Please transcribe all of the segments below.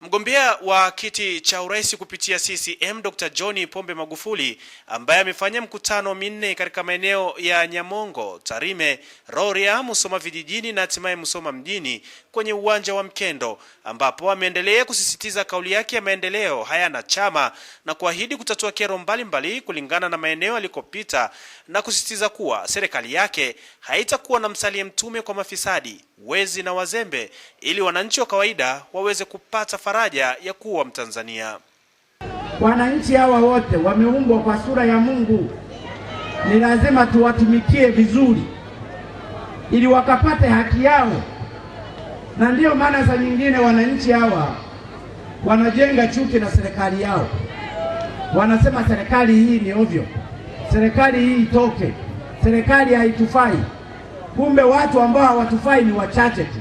Mgombea wa kiti cha urais kupitia CCM Dr. John Pombe Magufuli ambaye amefanya mkutano minne katika maeneo ya Nyamongo, Tarime, Rorya, Musoma vijijini na hatimaye Musoma mjini kwenye uwanja wa Mkendo ambapo ameendelea kusisitiza kauli yake ya maendeleo hayana chama na kuahidi kutatua kero mbalimbali mbali kulingana na maeneo alikopita na kusisitiza kuwa serikali yake haitakuwa na msalie mtume kwa mafisadi, wezi na wazembe ili wananchi wa kawaida waweze kupata faraja ya kuwa Mtanzania. Wananchi hawa wote wameumbwa kwa sura ya Mungu, ni lazima tuwatumikie vizuri ili wakapate haki yao, na ndiyo maana saa nyingine wananchi hawa wanajenga chuki na serikali yao, wanasema serikali hii ni ovyo, serikali hii itoke, serikali haitufai. Kumbe watu ambao hawatufai ni wachache tu.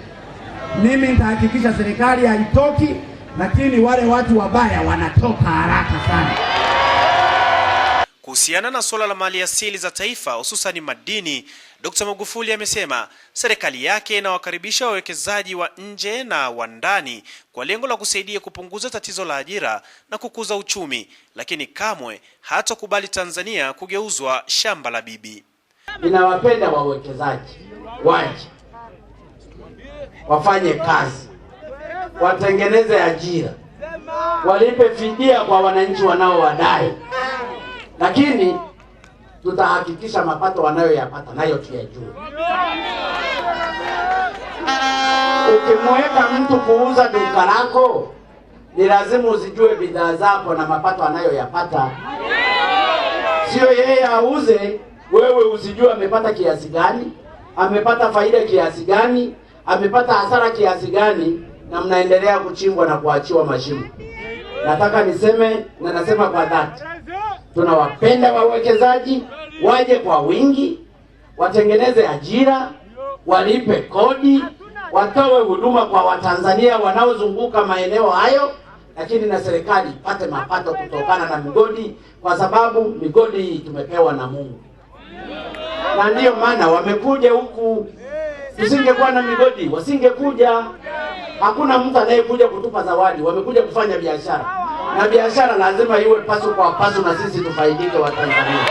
Mimi nitahakikisha serikali haitoki lakini wale watu wabaya wanatoka haraka sana. Kuhusiana na suala la mali asili za taifa hususani madini, Dkt. Magufuli amesema serikali yake inawakaribisha wawekezaji wa nje na wa ndani kwa lengo la kusaidia kupunguza tatizo la ajira na kukuza uchumi, lakini kamwe hatakubali Tanzania kugeuzwa shamba la bibi. Ninawapenda wawekezaji waje wafanye kazi watengeneze ajira, walipe fidia kwa wananchi wanaowadai, lakini tutahakikisha mapato wanayoyapata nayo tuyajue. Ukimweka mtu kuuza duka lako, ni lazima uzijue bidhaa zako na mapato anayoyapata, sio yeye auze, wewe uzijue amepata kiasi gani, amepata faida kiasi gani, amepata hasara kiasi gani na mnaendelea kuchimbwa na kuachiwa mashimo. Nataka niseme na nasema kwa dhati, tunawapenda wawekezaji, waje kwa wingi, watengeneze ajira, walipe kodi, watoe huduma kwa Watanzania wanaozunguka maeneo hayo, lakini na serikali ipate mapato kutokana na migodi, kwa sababu migodi hii tumepewa na Mungu na ndiyo maana wamekuja huku. Tusingekuwa na migodi wasingekuja. Hakuna mtu anayekuja kutupa zawadi, wamekuja kufanya biashara, na biashara lazima iwe paso kwa paso, na sisi tufaidike Watanzania.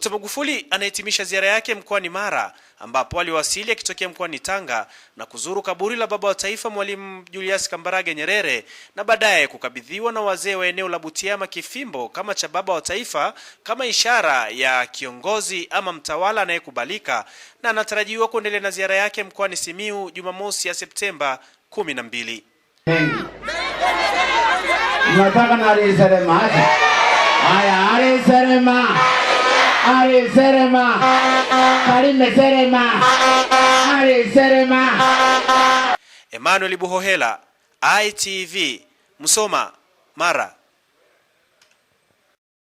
Dkt. Magufuli anahitimisha ziara yake mkoani Mara ambapo aliwasili akitokea mkoani Tanga na kuzuru kaburi la baba wa taifa Mwalimu Julius Kambarage Nyerere na baadaye kukabidhiwa na wazee wa eneo la Butiama kifimbo kama cha baba wa taifa kama ishara ya kiongozi ama mtawala anayekubalika na anatarajiwa kuendelea na ziara yake mkoani Simiu Jumamosi ya Septemba 12. Nataka na ali Serema, Karume Serema, Ali Serema. Emmanuel Buhohela, ITV, Musoma, Mara.